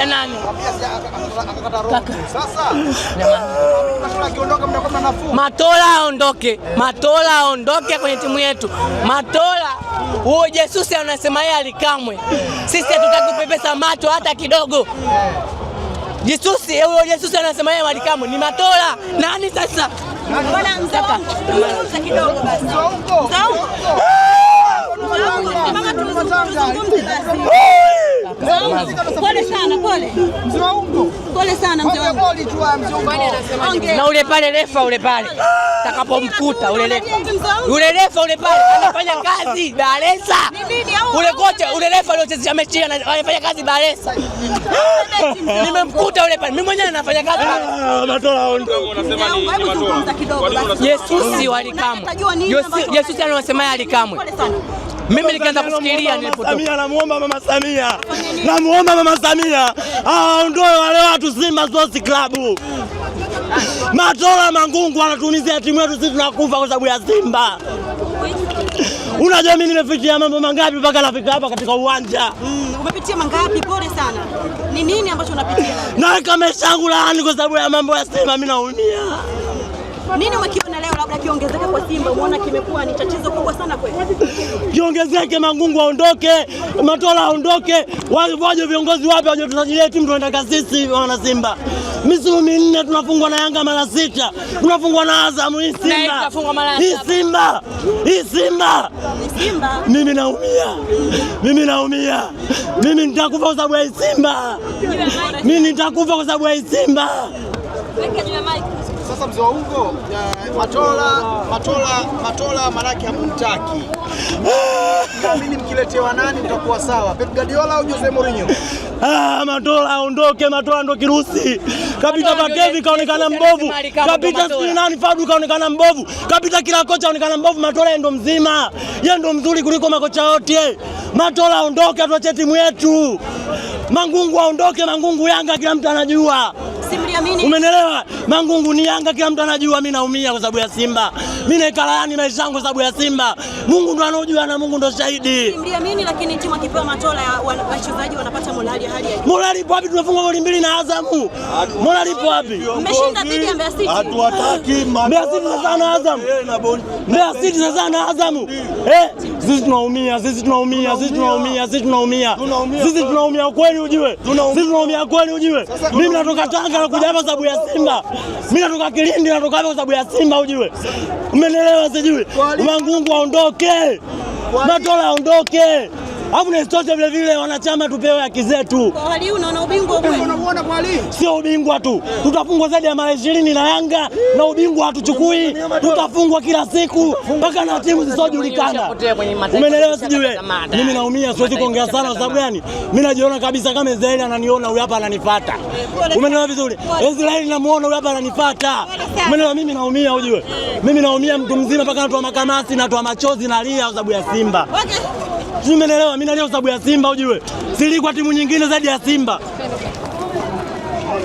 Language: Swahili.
cha nani? Matola aondoke, Matola aondoke kwenye timu yetu. Matola huo jesusi anasema yeye alikamwe, sisi hatutaki kupepesa macho hata kidogo. Jesusi huyo jesusi anasema yeye alikamwe, ni Matola nani sasa? Pole sana, pole. Pole sana mzee wangu. Na ule pale refa ule pale takapomkuta ule refa ule refa ule pale anafanya kazi Baresa, ule kocha ule refa aliochezea mechi anafanya kazi Baresa, nimemkuta ule pale, mimi mwenyewe anafanya kazi ah, Yesusi walikamwe, Yesusi anaosema alikamwe mimi nikaanza kufikiria nilipotoka. Namuomba mama Samia, namuomba mama Samia aondoe ah, wale watu Simba Sports Club. Matola Mangungu anatunizia timu yetu, sisi tunakufa kwa sababu ya Simba. Unajua mimi nimepitia mambo mangapi mpaka nafika hapa katika uwanja. Mm, umepitia mangapi? Pole sana. Ni nini ambacho unapitia? Naweka maisha yangu laani kwa sababu ya mambo ya Simba, mimi naumia. Nini umekiona leo labda kiongezeke kwa Simba, umeona kimekuwa ni tatizo kubwa sana kweli? Kiongezeke, Mangungu aondoke, Matola aondoke, waje viongozi wapya waje tusajilie timu tunaenda sisi wana Simba. Misimu minne tunafungwa na Yanga mara sita, tunafungwa na Azam. Hii Simba hii Simba hii Simba, mimi naumia, mimi naumia, mimi nitakufa kwa sababu ya Simba, mimi nitakufa kwa sababu ya Simba. Sasa mzee wa Ungo Matola, Matola, Matola manake hamtaki. Ah. Kamili mkiletewa nani mtakuwa sawa? Pep Guardiola au Jose Mourinho? Ah, Matola aondoke, Matola ndo kirusi. Kapita Bakevi kaonekana mbovu. Kapita sijui nani Fadu kaonekana mbovu. Kapita kila kocha kaonekana mbovu. Matola ndo mzima. Yeye ndo mzuri kuliko makocha wote. Matola aondoke, atuache timu yetu. Mangungu aondoke, Mangungu Yanga kila mtu anajua. Mimi Umenelewa? Mangungu ni Yanga, kila mtu anajua. Mimi naumia kwa sababu ya Simba, mimi naikala yani maisha yangu kwa sababu ya Simba. Mungu ndo anojua na Mungu ndo shahidi. mimi lakini timu akipewa matola ya wachezaji wanapata Morali hali ya morali ipo wapi? Tunafungwa goli mbili na Azamu, morali ipo wapi? dhidi ya Mbeya City sasa eh, na Azamu, Mbeya City sasa na Azamu. Eh, sisi tunaumia, sisi tunaumia, sisi tunaumia, sisi tunaumia, sisi tunaumia kweli ujue, sisi tunaumia kweli ujue. Mimi natoka Tanga na kuja hapa kwa sababu ya Simba. Mimi natoka Kilindi, natoka hapa kwa sababu ya Simba, ujue. Umenielewa? Sijui Mangungu aondoke, Matola aondoke. Alafu na stosha vile vile wanachama tupewe haki zetu. Kwa hali hii unaona ubingwa kweli? Unaona kwa hali? Sio ubingwa tu. Tutafungwa zaidi ya mara 20 na Yanga na ubingwa hatuchukui. Tutafungwa kila siku mpaka na timu zisizojulikana. Umeelewa sijui wewe? Mimi naumia siwezi kuongea sana kwa sababu gani? Mimi najiona kabisa kama Israeli ananiona huyu hapa ananifuata. Umeelewa vizuri? Israeli namuona huyu hapa ananifuata. Umeelewa mimi naumia ujue. Mimi naumia mtu mzima mpaka natoa makamasi, natoa machozi, nalia kwa sababu ya Simba. Simenelewa, mimi nalio sababu ya Simba ujue. Sili kwa timu nyingine zaidi ya Simba.